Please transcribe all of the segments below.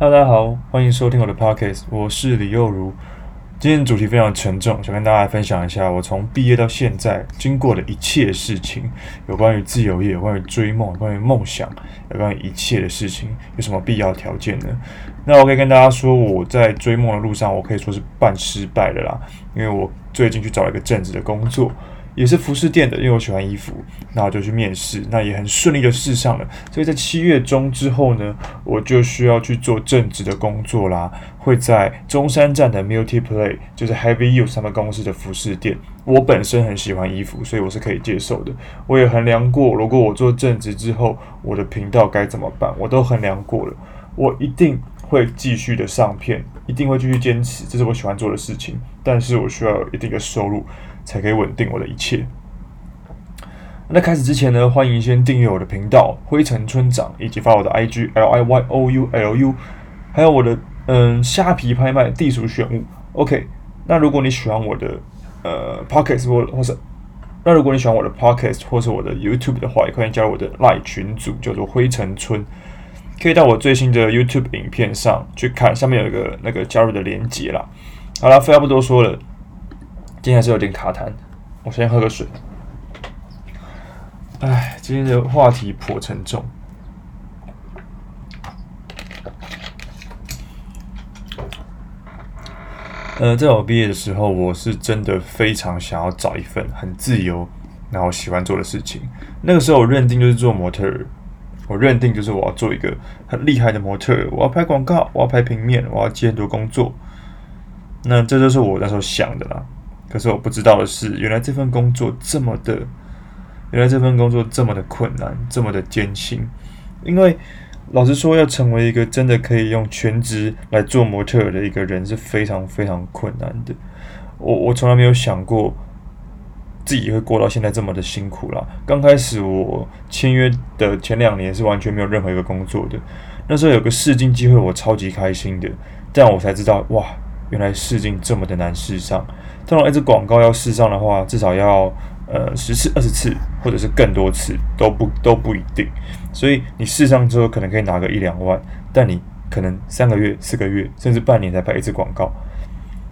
哈嘍，大家好，歡迎收聽我的 podcast，我是李佑如。今天的主題非常沉重，想跟大家分享一下我從畢業到現在經過的一切事情，有關於自由業，有關於追夢，有關於夢想，有關於一切的事情，有什麼必要條件呢？那我可以跟大家說，我在追夢的路上，我可以說是半失敗的啦，因為我最近去找了一個正職的工作。也是服飾店的，因為我喜歡衣服，那我就去面試，那也很順利的試上了。所以在七月中之後呢，我就需要去做正職的工作啦。會在中山站的 Multi Play，就是 Heavy Use 他們公司的服飾店。我本身很喜歡衣服，所以我是可以接受的。我也衡量過，如果我做正職之後，我的頻道該怎麼辦，我都衡量過了。我一定會繼續的上片，一定會繼續堅持，這是我喜歡做的事情。但是我需要有一定的收入。才可以穩定我的一切。那開始之前呢，歡迎先訂閱我的頻道“灰塵村長”，以及發我的 IG, I G L I Y O U L U，還有我的嗯蝦皮拍賣地鼠選物。OK，那如果你喜歡我的呃 Podcast 或是那如果你喜歡我的 Podcast 或是我的 YouTube 的話，也歡迎加入我的 LINE 群組，叫做“灰塵村”，可以到我最新的 YouTube 影片上去看，下面有一個那個加入的連接啦。好了，廢話不多說了。今天還是有點卡痰，我先喝個水。哎，今天的話題頗沉重。呃，在我畢業的時候，我是真的非常想要找一份很自由，然後喜歡做的事情。那個時候，我認定就是做模特兒，我認定就是我要做一個很厲害的模特兒。我要拍廣告，我要拍平面，我要接很多工作。那這就是我那時候想的啦。可是我不知道的是，原來這份工作這麼的，原來這份工作這麼的困難，這麼的艱辛。因為老實說，要成為一個真的可以用全職來做模特的一個人，是非常非常困難的。我我從來沒有想過自己會過到現在這麼的辛苦了。剛開始我簽約的前兩年是完全沒有任何一個工作的。那時候有個試鏡機會，我超級開心的，但我才知道哇。原來試鏡這麼的難試上，通常一支廣告要試上的話，至少要呃十次、二十次，或者是更多次都不都不一定。所以你試上之後，可能可以拿個一兩萬，但你可能三個月、四個月，甚至半年才拍一次廣告。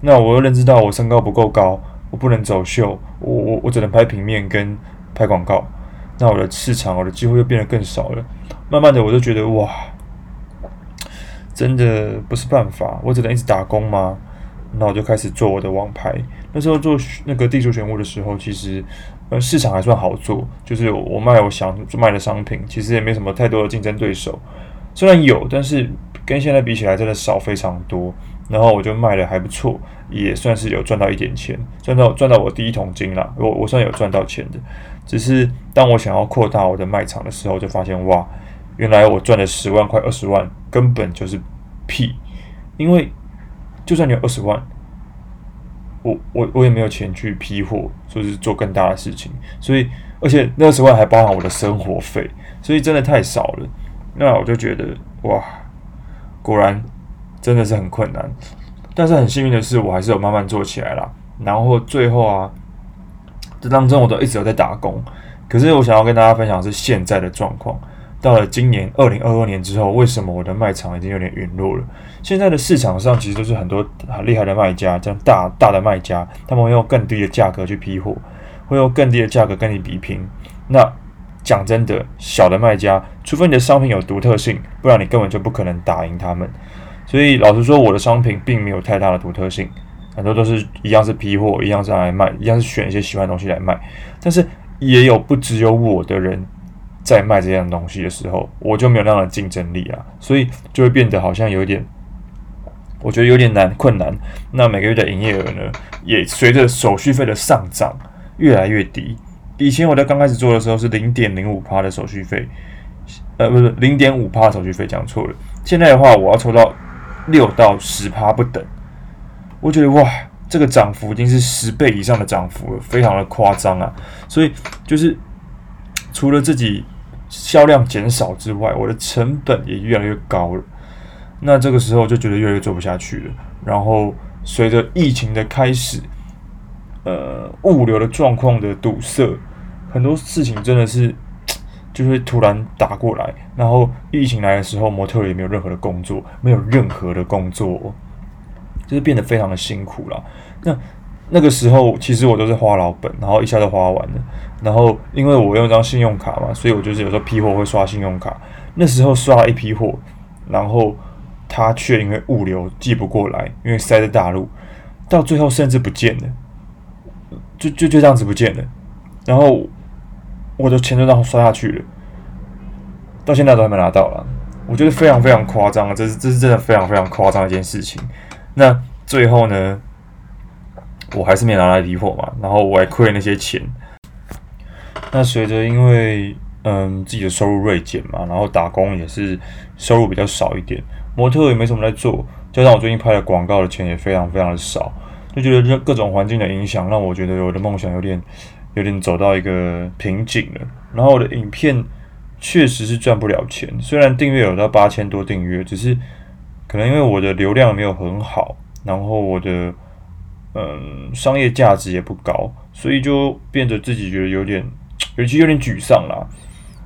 那我又認知到我身高不夠高，我不能走秀，我我我只能拍平面跟拍廣告。那我的市場，我的機會又變得更少了。慢慢的，我就覺得哇，真的不是辦法，我只能一直打工嗎？那我就開始做我的網拍。那時候做那個地球玄物的時候，其實呃市場還算好做，就是我，我賣我想賣的商品，其實也沒什麼太多的競爭對手。雖然有，但是跟現在比起來，真的少非常多。然後我就賣的還不錯，也算是有賺到一點錢，賺到賺到我第一桶金了。我我算有賺到錢的。只是當我想要擴大我的賣場的時候，就發現哇，原來我賺了十萬塊、二十萬，根本就是屁，因為。就算你有二十萬，我我我也沒有錢去批貨，就是做更大的事情。所以，而且那二十萬還包含我的生活費，所以真的太少了。那我就覺得哇，果然真的是很困難。但是很幸運的是，我還是有慢慢做起來了。然後最後啊，這當中我都一直有在打工。可是我想要跟大家分享是現在的狀況。到了今年二零二二年之後，為什麼我的賣場已經有點隕落了？現在的市場上其實都是很多很厲害的賣家，這樣大大的賣家，他們會用更低的價格去批貨，會用更低的價格跟你比拼。那講真的，小的賣家，除非你的商品有獨特性，不然你根本就不可能打贏他們。所以老實說，我的商品並沒有太大的獨特性，很多都是一樣是批貨，一樣是來賣，一樣是選一些喜歡的東西來賣。但是也有不只有我的人。在賣這樣東西的時候，我就沒有那樣的競爭力啊，所以就會變得好像有點，我覺得有點難，困難。那每個月的營業額呢，也隨着手續費的上漲越來越低。以前我在剛開始做的時候是零點零五趴的手續費，呃，不是零點五趴手續費，講錯了。現在的話，我要抽到六到十趴不等。我覺得哇，這個漲幅已經是十倍以上的漲幅了，非常的誇張啊。所以就是除了自己銷量減少之外，我的成本也越來越高了。那這個時候就覺得越來越做不下去了。然後隨着疫情的開始，呃，物流的狀況的堵塞，很多事情真的是就會突然打過來。然後疫情來的時候，模特也沒有任何的工作，沒有任何的工作，就是變得非常的辛苦了。那那個時候其實我都是花老本，然後一下就花完了。然後因為我用一張信用卡嘛，所以我就是有時候批貨會刷信用卡。那時候刷了一批貨，然後他卻因為物流寄不過來，因為塞在大陸，到最後甚至不見了，就就就這樣子不見了。然後我的錢就然後刷下去了，到現在都還沒拿到了。我覺得非常非常誇張，這是這是真的非常非常誇張的一件事情。那最後呢？我還是沒拿來抵貨嘛，然後我還虧了那些錢。那隨着因為嗯自己的收入銳減嘛，然後打工也是收入比較少一點，模特也沒什麼在做，加上我最近拍的廣告的錢也非常非常的少，就覺得這各種環境的影響，讓我覺得我的夢想有點有點走到一個瓶頸了。然後我的影片確實是賺不了錢，雖然訂閱有到八千多訂閱，只是可能因為我的流量沒有很好，然後我的。嗯，商業價值也不高，所以就變得自己覺得有點，尤其有點沮喪啦，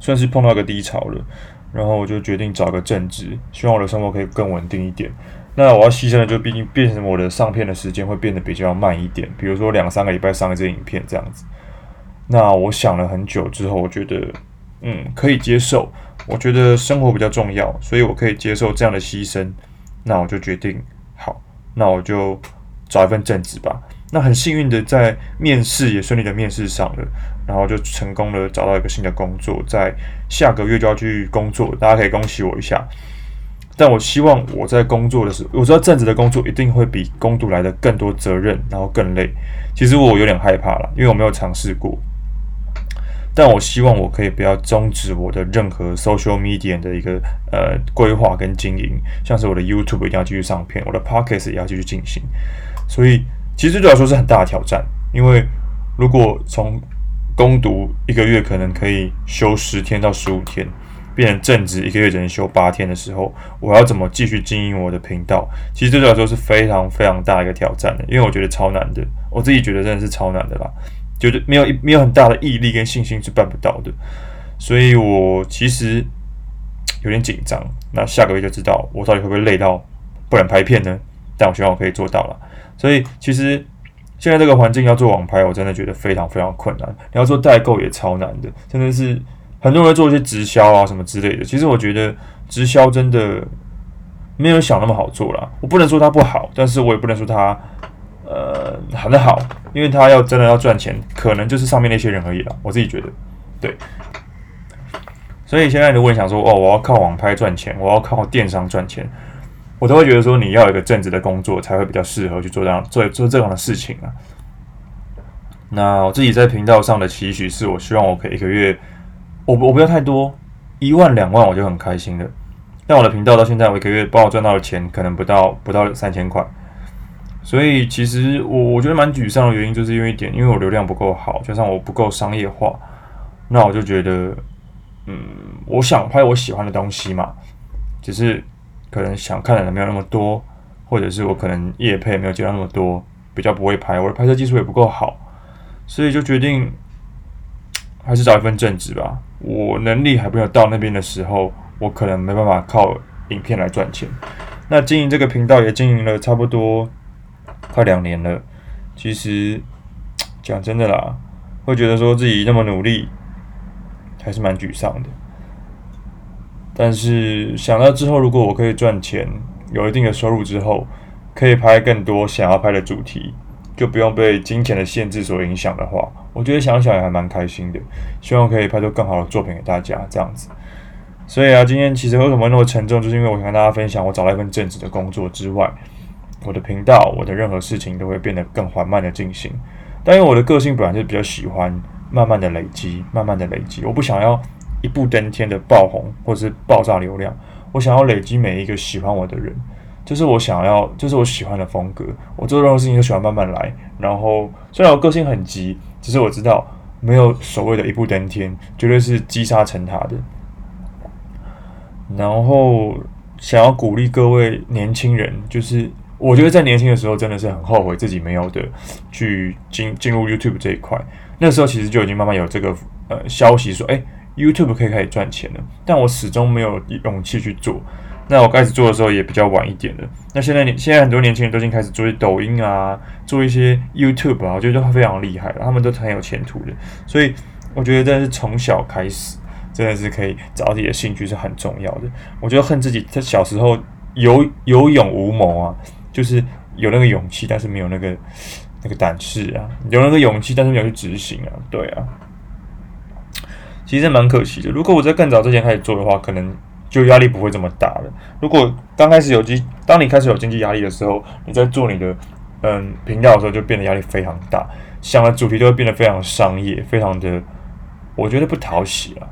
算是碰到一個低潮了。然後我就決定找個正職，希望我的生活可以更穩定一點。那我要犧牲的，就畢竟變成我的上片的時間會變得比較慢一點，比如說兩三個禮拜上一次影片這樣子。那我想了很久之後，我覺得，嗯，可以接受。我覺得生活比較重要，所以我可以接受這樣的犧牲。那我就決定，好，那我就。找一份正職吧，那很幸運的在面試也順利的面試上了，然後就成功的找到一個新的工作，在下個月就要去工作，大家可以恭喜我一下。但我希望我在工作的時候，我知道正職的工作一定會比工讀來的更多責任，然後更累。其實我有點害怕了，因為我沒有嘗試過。但我希望我可以不要終止我的任何 social media 的一個呃規劃跟經營，像是我的 YouTube 一定要繼續上片，我的 podcast 也要繼續進行。所以，其實對我來說是很大的挑戰，因為如果從攻讀一個月可能可以休十天到十五天，變成正職一個月只能休八天的時候，我要怎麼繼續經營我的頻道？其實對我來說是非常非常大一個挑戰的，因為我覺得超難的，我自己覺得真的是超難的啦，覺得沒有沒有很大的毅力跟信心是辦不到的，所以，我其實有點緊張。那下個月就知道我到底會不會累到不能拍片呢？但我希望我可以做到了。所以其實現在這個環境要做網拍，我真的覺得非常非常困難。你要做代購也超難的，真的是很多人做一些直銷啊什麼之類的。其實我覺得直銷真的沒有想那麼好做啦，我不能說它不好，但是我也不能說它呃很好，因為它要真的要賺錢，可能就是上面那些人而已啦。我自己覺得，對。所以現在如果你想說哦，我要靠網拍賺錢，我要靠電商賺錢。我都會覺得說，你要有一個正職的工作，才會比較適合去做這樣做做這樣的事情啊。那我自己在頻道上的期許，是我希望我可以一個月，我我不要太多，一萬兩萬我就很開心了。但我的頻道到現在，我一個月幫我賺到的錢，可能不到不到三千塊。所以其實我我覺得蠻沮喪的原因，就是因為一點，因為我流量不夠好，加上我不夠商業化，那我就覺得，嗯，我想拍我喜歡的東西嘛，只是。可能想看的人沒有那麼多，或者是我可能業配沒有接到那麼多，比較不會拍，我的拍攝技術也不夠好，所以就決定還是找一份正職吧。我能力還沒有到那邊的時候，我可能沒辦法靠影片來賺錢。那經營這個頻道也經營了差不多快兩年了，其實講真的啦，會覺得說自己那麼努力，還是蠻沮喪的。但是想到之後，如果我可以賺錢，有一定的收入之後，可以拍更多想要拍的主題，就不用被金錢的限制所影響的話，我覺得想想也還蠻開心的。希望我可以拍出更好的作品給大家，這樣子。所以啊，今天其實為什麼那麼沉重，就是因為我想跟大家分享，我找到一份正職的工作之外，我的頻道、我的任何事情都會變得更緩慢的進行。但因為我的個性本來就比較喜歡慢慢的累積，慢慢的累積，我不想要。一步登天的爆紅或者是爆炸流量，我想要累積每一個喜歡我的人，就是我想要，就是我喜歡的風格。我做任何事情都喜歡慢慢來。然後雖然我個性很急，只是我知道沒有所謂的一步登天，絕對是積沙成塔的。然後想要鼓勵各位年輕人，就是我覺得在年輕的時候真的是很後悔自己沒有的去進進入 YouTube 這一塊。那時候其實就已經慢慢有這個呃消息說，哎、欸。YouTube 可以開始賺錢了，但我始終沒有勇氣去做。那我開始做的時候也比較晚一點了。那現在你現在很多年輕人都已經開始做抖音啊，做一些 YouTube 啊，我覺得都非常厲害了，他們都很有前途的。所以我覺得真的是從小開始，真的是可以找到自己的興趣是很重要的。我覺得恨自己在小時候有有勇無謀啊，就是有那個勇氣，但是沒有那個那個膽識啊，有那個勇氣，但是沒有去執行啊，對啊。其實蠻可惜的。如果我在更早之前開始做的話，可能就壓力不會這麼大了。如果剛開始有機，當你開始有經濟壓力的時候，你在做你的嗯頻道的時候，就變得壓力非常大，想的主題都會變得非常商業，非常的我覺得不討喜啊。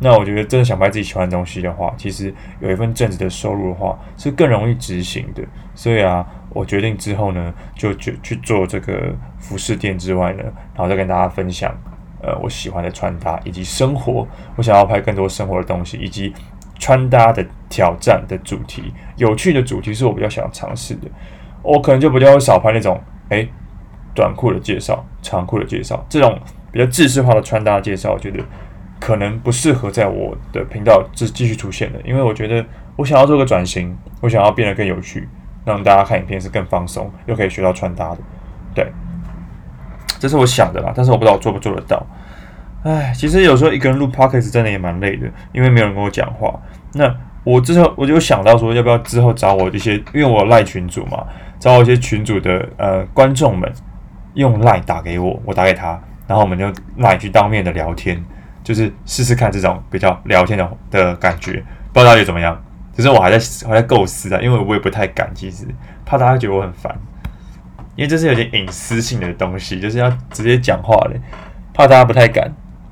那我覺得真的想賣自己喜歡的東西的話，其實有一份正職的收入的話，是更容易執行的。所以啊，我決定之後呢，就就去，去做這個服飾店之外呢，然後再跟大家分享。呃，我喜歡的穿搭以及生活，我想要拍更多生活的東西，以及穿搭的挑戰的主題，有趣的主題是我比較想要嘗試的。我可能就比較會少拍那種，誒，短褲的介紹、長褲的介紹這種比較知識化的穿搭的介紹，我覺得可能不適合在我的頻道繼繼續出現的，因為我覺得我想要做個轉型，我想要變得更有趣，讓大家看影片是更放鬆，又可以學到穿搭的，對。這是我想的啦，但是我不知道我做不做得到。唉，其實有時候一個人錄 podcast 真的也蠻累的，因為沒有人跟我講話。那我之後我就想到說，要不要之後找我一些，因為我有賴群組嘛，找我一些群組的呃觀眾們用賴打給我，我打給他，然後我們就賴去當面的聊天，就是試試看這種比較聊天的的感覺，不知道到底怎麼樣。只是我還在還在構思啊，因為我也不太敢，其實怕大家覺得我很煩。因為這是有點隱私性的東西，就是要直接講話的，怕大家不太敢。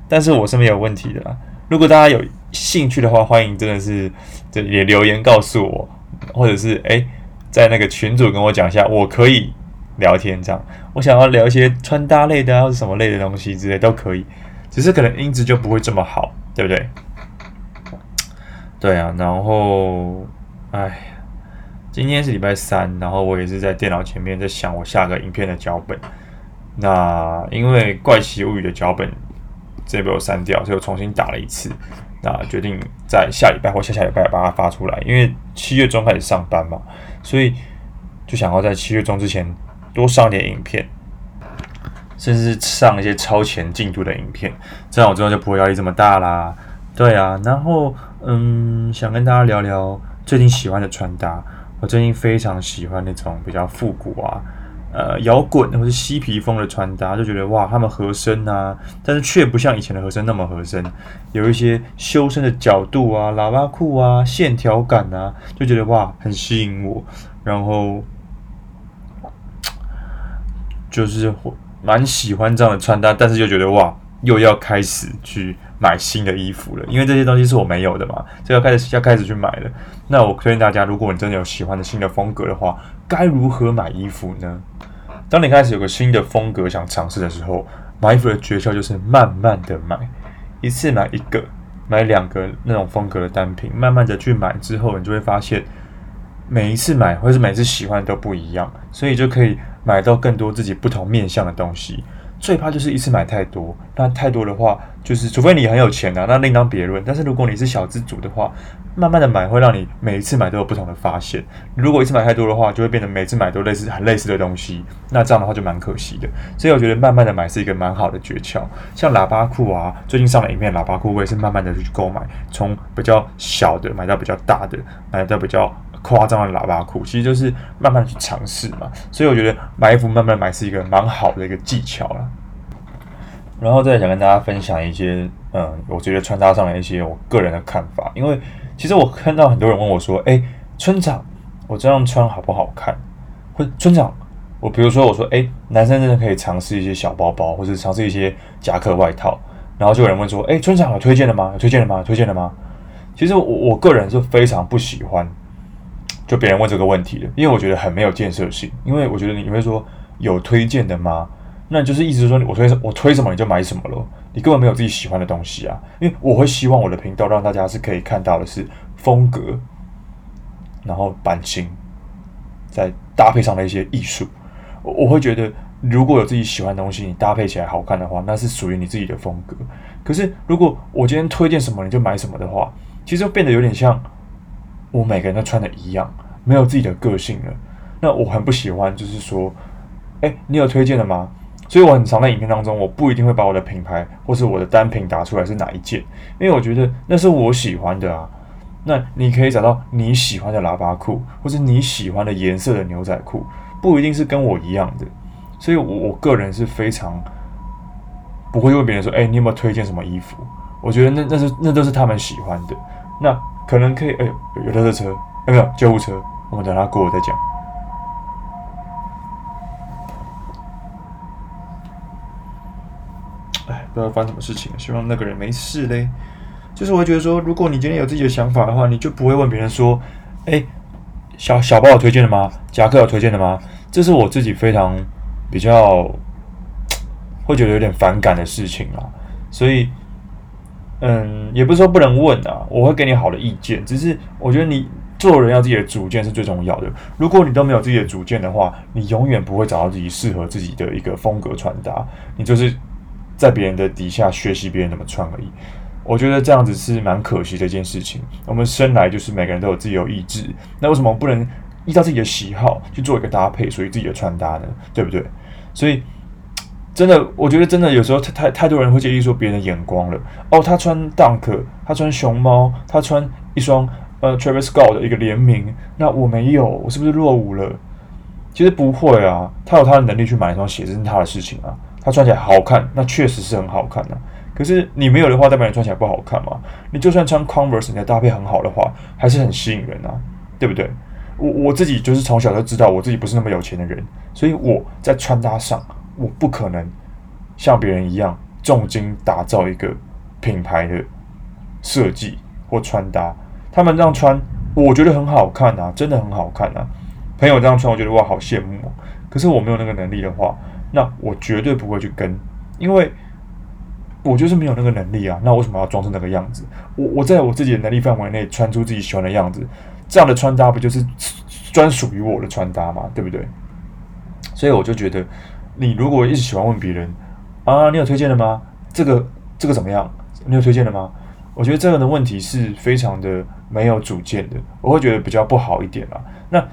但是我是沒有問題的啦。如果大家有興趣的話，歡迎真的是這也留言告訴我，或者是哎，在那個群組跟我講一下，我可以聊天這樣。我想要聊一些穿搭類的、啊，或者什麼類的東西之類都可以，只是可能音質就不會這麼好，對不對？對啊，然後，哎。今天是禮拜三，然後我也是在電腦前面在想我下個影片的腳本。那因為《怪奇物語》的腳本直接被我刪掉，所以我重新打了一次。那決定在下禮拜或下下禮拜把它發出來，因為七月中開始上班嘛，所以就想要在七月中之前多上點影片，甚至上一些超前進度的影片，這樣我之後就不會壓力這麼大啦。對啊，然後嗯，想跟大家聊聊最近喜歡的穿搭。我最近非常喜歡那種比較復古啊，呃，搖滾或者是嬉皮風的穿搭，就覺得哇，他們合身啊，但是卻不像以前的合身那麼合身，有一些修身的角度啊，喇叭褲啊，線條感啊，就覺得哇，很吸引我，然後就是蠻喜歡這樣的穿搭，但是就覺得哇。又要開始去買新的衣服了，因為這些東西是我沒有的嘛，就要開始要開始去買了。那我推薦大家，如果你真的有喜歡的新的風格的話，該如何買衣服呢？當你開始有個新的風格想嘗試的時候，買衣服的訣竅就是慢慢的買，一次買一個，買兩個那種風格的單品，慢慢的去買之後，你就會發現每一次買或者是每次喜歡都不一樣，所以就可以買到更多自己不同面向的東西。最怕就是一次買太多，那太多的話，就是除非你很有錢吶、啊，那另當別論。但是如果你是小資族的話，慢慢的買會讓你每一次買都有不同的發現。如果一次買太多的話，就會變得每次買都類似很類似的東西，那這樣的話就蠻可惜的。所以我覺得慢慢的買是一個蠻好的訣竅。像喇叭褲啊，最近上了影片的喇叭褲，我也是慢慢的去購買，從比較小的買到比較大的，買到比較誇張的喇叭褲，其實就是慢慢的去嘗試嘛。所以我覺得買衣服慢慢買是一個蠻好的一個技巧啦。然後再想跟大家分享一些，嗯，我覺得穿搭上的一些我個人的看法，因為其實我看到很多人問我說，哎、欸，村長，我這樣穿好不好看？或者村長，我比如說我說，哎、欸，男生真的可以嘗試一些小包包，或者嘗試一些夾克外套，然後就有人問說，哎、欸，村長有推薦的嗎？有推薦的嗎？有推薦的嗎？其實我我個人是非常不喜歡就別人問這個問題的，因為我覺得很沒有建設性，因為我覺得你會說有推薦的嗎？那就是意思是說，我推我推什麼你就買什麼了，你根本沒有自己喜歡的東西啊！因為我會希望我的頻道讓大家是可以看到的是風格，然後版型，再搭配上的一些藝術。我，我會覺得如果有自己喜歡的東西，你搭配起來好看的話，那是屬於你自己的風格。可是如果我今天推薦什麼你就買什麼的話，其實變得有點像我每個人都穿的一樣，沒有自己的個性了。那我很不喜歡，就是說，哎，你有推薦的嗎？所以我很常在影片當中，我不一定會把我的品牌或是我的單品打出來是哪一件，因為我覺得那是我喜歡的啊。那你可以找到你喜歡的喇叭褲，或是你喜歡的顏色的牛仔褲，不一定是跟我一樣的。所以我，我我個人是非常不會問別人說，哎、欸，你有沒有推薦什麼衣服？我覺得那那是那都是他們喜歡的。那可能可以，哎、欸，有他的車，哎，沒有救護車，我們等他過了再講。不知道發生什麼事情，希望那個人沒事嘞。就是我會覺得說，如果你今天有自己的想法的話，你就不會問別人說：“哎、欸，小小包有推薦的嗎？夾克有推薦的嗎？”這是我自己非常比較會覺得有點反感的事情啊。所以，嗯，也不是說不能問啊，我會給你好的意見，只是我覺得你做人要自己的主見是最重要的。如果你都沒有自己的主見的話，你永遠不會找到自己適合自己的一個風格穿搭，你就是。在別人的底下學習別人怎麼穿而已，我覺得這樣子是蠻可惜的一件事情。我們生來就是每個人都有自由意志，那為什麼不能依照自己的喜好去做一個搭配，屬於自己的穿搭呢？對不對？所以，真的，我覺得真的有時候太太太多人會介意說別人的眼光了。哦，他穿 Dunk，他穿熊貓，他穿一雙呃 Travis Scott 的一個聯名，那我沒有，我是不是落伍了？其實不會啊，他有他的能力去買一雙鞋，這是他的事情啊。他穿起來好看，那確實是很好看吶。可是你沒有的話，代表你穿起來不好看嘛？你就算穿 Converse，你的搭配很好的話，還是很吸引人吶，對不對？我我自己就是從小就知道，我自己不是那麼有錢的人，所以我在穿搭上，我不可能像別人一樣重金打造一個品牌的設計或穿搭。他們這樣穿，我覺得很好看啊，真的很好看啊。朋友這樣穿，我覺得哇，好羨慕哦。可是我沒有那個能力的話。那我絕對不會去跟，因為我就是沒有那個能力啊。那我為什麼要裝成那個樣子？我我在我自己的能力範圍內穿出自己喜歡的樣子，這樣的穿搭不就是專屬於我的穿搭嗎？對不對？所以我就覺得，你如果一直喜歡問別人啊，你有推薦的嗎？這個這個怎麼樣？你有推薦的嗎？我覺得這樣的問題是非常的沒有主見的，我會覺得比較不好一點啊。那。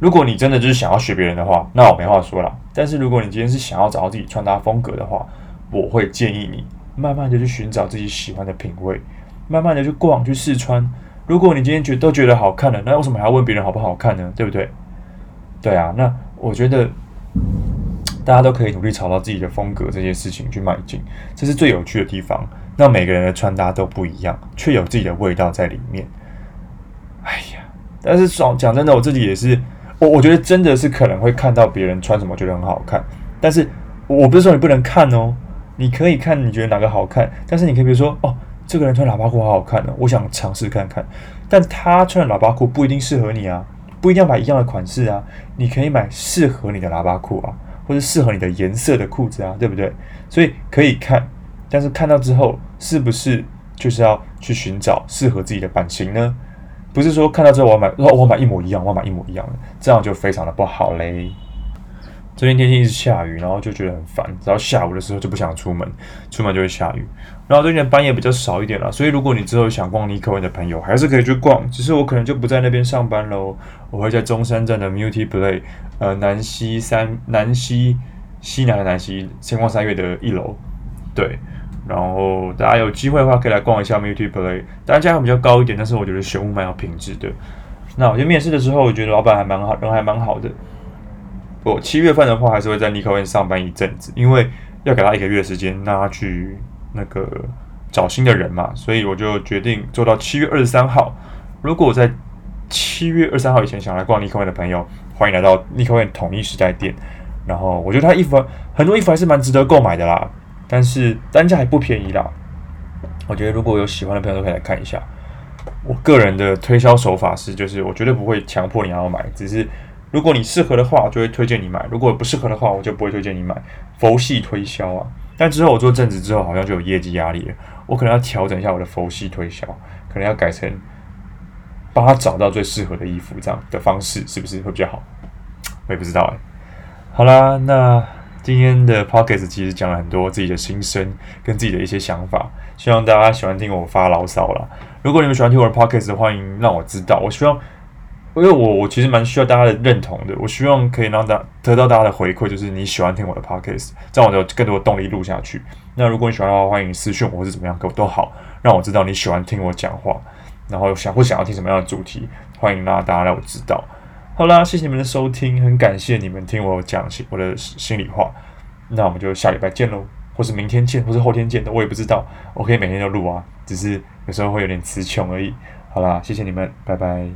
如果你真的就是想要學別人的話，那我沒話說了。但是如果你今天是想要找到自己穿搭風格的話，我會建議你慢慢的去尋找自己喜歡的品味，慢慢的去逛去試穿。如果你今天覺都覺得好看了，那為什麼還要問別人好不好看呢？對不對？對啊，那我覺得大家都可以努力找到自己的風格，這件事情去邁進，這是最有趣的地方。那每個人的穿搭都不一樣，卻有自己的味道在裡面。哎呀，但是說講真的，我自己也是。我我覺得真的是可能會看到別人穿什麼覺得很好看，但是我不是說你不能看哦，你可以看你覺得哪個好看，但是你可以比如說哦，這個人穿喇叭褲好好看呢？哦，我想嘗試看看，但他穿的喇叭褲不一定適合你啊，不一定要買一樣的款式啊，你可以買適合你的喇叭褲啊，或者適合你的顏色的褲子啊，對不對？所以可以看，但是看到之後是不是就是要去尋找適合自己的版型呢？不是說看到之後我要買，我要買一模一樣，我要買一模一樣的，這樣就非常的不好嘞。最近天氣一直下雨，然後就覺得很煩，然後下午的時候就不想出門，出門就會下雨。然後最近的班也比較少一點了，所以如果你之後想逛尼克灣的朋友，還是可以去逛，只是我可能就不在那邊上班嘍。我會在中山站的 Multi Play，呃，南西三，南溪西，西南的南西先逛三越的一樓，對。然後大家有機會的話，可以來逛一下 Mutu Play 當然價格比較高一點，但是我覺得選物蠻有品質的。那我去面試的時候，我覺得老板還蠻好，人還蠻好的。我七月份的話，還是會在 niko and 上班一陣子，因為要給他一個月的時間，讓他去那個找新的人嘛。所以我就決定做到七月二十三號。如果我在七月二十三號以前想來逛 niko and 的朋友，歡迎來到 niko and 統一時代店。然後我覺得他衣服很多，衣服還是蠻值得購買的啦。但是單價還不便宜啦，我覺得如果有喜歡的朋友都可以來看一下。我個人的推銷手法是，就是我絕對不會強迫你要買，只是如果你適合的話，就會推薦你買；如果不適合的話，我就不會推薦你買。佛系推銷啊！但之後我做正職之後，好像就有業績壓力了，我可能要調整一下我的佛系推銷，可能要改成幫他找到最適合的衣服這樣的方式，是不是會比較好？我也不知道、欸、好啦，那。今天的 podcast 其實講了很多自己的心聲跟自己的一些想法，希望大家喜歡聽我發牢騷啦。如果你們喜歡聽我的 podcast，歡迎讓我知道。我希望，因為我我其實蠻需要大家的認同的。我希望可以讓大得到大家的回饋，就是你喜歡聽我的 podcast，這樣我就有更多的動力錄下去。那如果你喜歡的話，歡迎私訊我，或是怎麼樣，給我都好，讓我知道你喜歡聽我講話，然後想不想要聽什麼樣的主題，歡迎大家讓我知道。好啦，謝謝你們的收聽，很感謝你們聽我講心我的心裡話，那我們就下禮拜見嘍，或是明天見，或是後天見的，我也不知道。我可以每天都錄啊，只是有時候會有點詞窮而已。好啦，謝謝你們，拜拜。